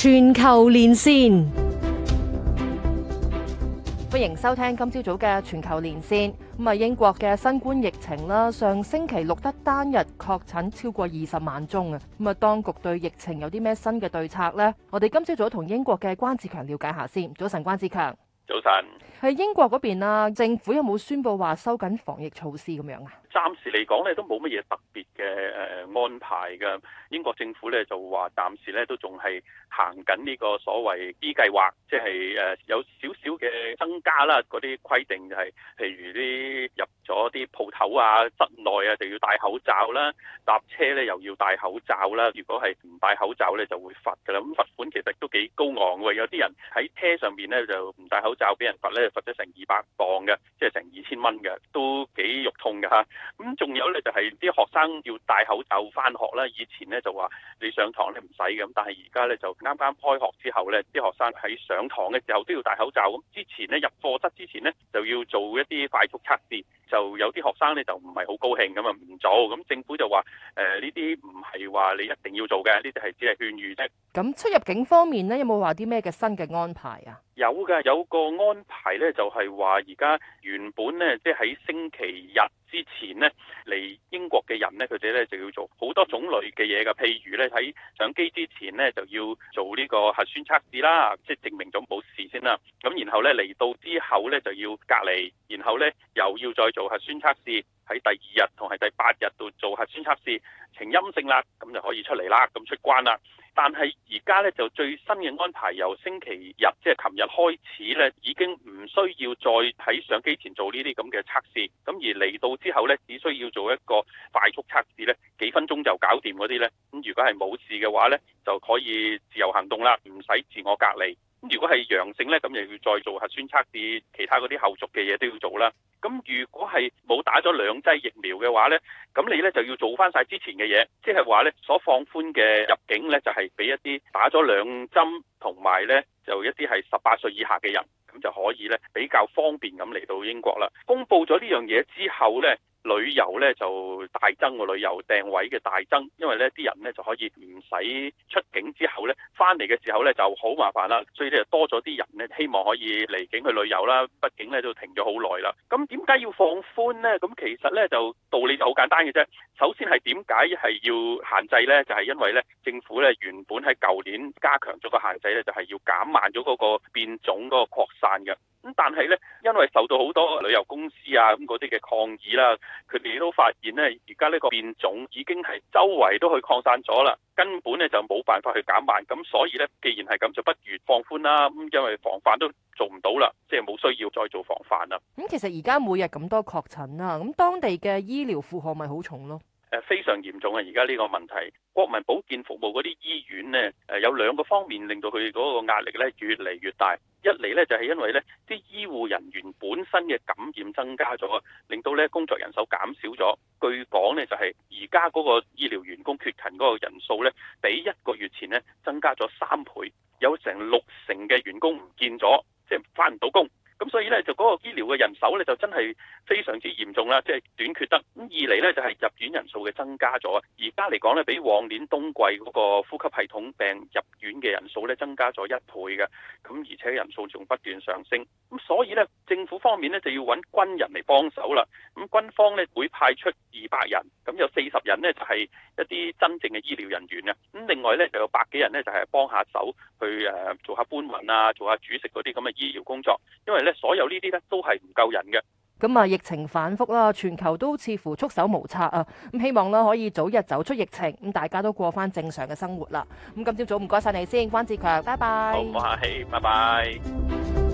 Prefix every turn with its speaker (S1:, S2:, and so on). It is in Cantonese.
S1: 全球連線，歡迎收聽今朝早嘅全球連線。咁啊，英國嘅新冠疫情啦，上星期錄得單日確診超過二十萬宗啊。咁啊，當局對疫情有啲咩新嘅對策呢？我哋今朝早同英國嘅關志強了解下先。早晨，關志強。早晨，喺英國嗰邊啊，政府有冇宣布話收緊防疫措施咁樣啊？
S2: 暫時嚟講咧，都冇乜嘢特別嘅誒安排嘅。英國政府咧就話暫時咧都仲係行緊呢個所謂 B 計劃，即係誒有少少嘅增加啦，嗰啲規定就係、是、譬如啲入。咗啲鋪頭啊，室內啊，就要戴口罩啦。搭車咧又要戴口罩啦。如果係唔戴口罩咧，就會罰噶啦。咁罰款其實都幾高昂喎。有啲人喺車上邊咧就唔戴口罩，俾人罰咧罰咗成二百鎊嘅，即係成二千蚊嘅，都幾肉痛嘅嚇。咁仲有咧就係、是、啲學生要戴口罩返學啦。以前咧就話你上堂咧唔使嘅，咁但係而家咧就啱啱開學之後咧，啲學生喺上堂嘅時候都要戴口罩。咁之前咧入課室之前咧就要做一啲快速測試。就有啲學生咧就唔係好高興，咁啊唔做，咁政府就話誒呢啲唔係話你一定要做嘅，呢啲係只係勸喻啫。
S1: 咁出入境方面咧，有冇話啲咩嘅新嘅安排啊？
S2: 有㗎，有個安排咧，就係話而家原本咧，即係喺星期日之前咧嚟英國嘅人咧，佢哋咧就要做好多種類嘅嘢㗎，譬如咧喺上機之前咧就要做呢個核酸測試啦，即係證明咗冇事先啦。咁然後咧嚟到之後咧就要隔離，然後咧又要再做核酸測試，喺第二日同係第八日度做核酸測試，呈陰性啦，咁就可以出嚟啦，咁出關啦。但係而家咧就最新嘅安排，由星期日即係琴日開始咧，已經唔需要再喺上機前做呢啲咁嘅測試，咁而嚟到之後咧，只需要做一個快速測試咧，幾分鐘就搞掂嗰啲咧，咁如果係冇事嘅話咧，就可以自由行動啦，唔使自我隔離。如果係陽性呢，咁又要再做核酸測試，其他嗰啲後續嘅嘢都要做啦。咁如果係冇打咗兩劑疫苗嘅話呢，咁你呢就要做翻晒之前嘅嘢，即係話呢所放寬嘅入境呢，就係俾一啲打咗兩針同埋呢就一啲係十八歲以下嘅人，咁就可以呢比較方便咁嚟到英國啦。公佈咗呢樣嘢之後呢，旅遊咧就大增，旅遊訂位嘅大增，因為咧啲人咧就可以唔使出境之後咧，翻嚟嘅時候咧就好麻煩啦，所以咧多咗啲人咧希望可以離境去旅遊啦，畢竟咧都停咗好耐啦。咁點解要放寬咧？咁其實咧就道理就好簡單嘅啫。首先係點解係要限制咧？就係因為咧政府咧原本喺舊年加強咗個限制咧，就係要減慢咗嗰個變種嗰個擴散嘅。咁但係咧，因為受到好多旅遊公司啊咁嗰啲嘅抗議啦，佢哋都發現咧，而家呢個變種已經係周圍都去擴散咗啦，根本咧就冇辦法去減慢，咁所以咧既然係咁，就不如放寬啦。咁因為防範都做唔到啦，即係冇需要再做防範啦。咁
S1: 其實而家每日咁多確診啊，咁當地嘅醫療負荷咪好重咯？
S2: 誒，非常嚴重啊！而家呢個問題，國民保健服務嗰啲醫院咧，誒，有兩個方面令到佢嗰個壓力咧越嚟越大。一嚟咧就係因為咧，啲醫護人員本身嘅感染增加咗，令到咧工作人手減少咗。據講咧就係而家嗰個醫療員工缺勤嗰個人數咧，比一個月前咧增加咗三倍，有成六成嘅員工唔見咗，即係返唔到工。咁所以咧，就嗰個醫療嘅人手咧，就真係非常之嚴重啦，即係短缺得。咁二嚟咧，就係入院人數嘅增加咗。而家嚟講咧，比往年冬季嗰個呼吸系統病入院嘅人數咧，增加咗一倍嘅。咁而且人數仲不斷上升。咁所以咧，政府方面咧就要搵軍人嚟幫手啦。咁軍方咧會派出二百人，咁有四十人呢，就係一啲真正嘅醫療人員啊。咁另外咧就有百幾人咧就係幫下手，去誒做下搬運啊，做下煮食嗰啲咁嘅醫療工作，因為咧。所有呢啲咧都係唔夠人
S1: 嘅。咁啊，疫情反覆啦，全球都似乎束手無策啊。咁希望啦，可以早日走出疫情，咁大家都過翻正常嘅生活啦。咁今朝早唔該晒你先，關志強，拜拜。好，冇
S2: 客氣，拜拜。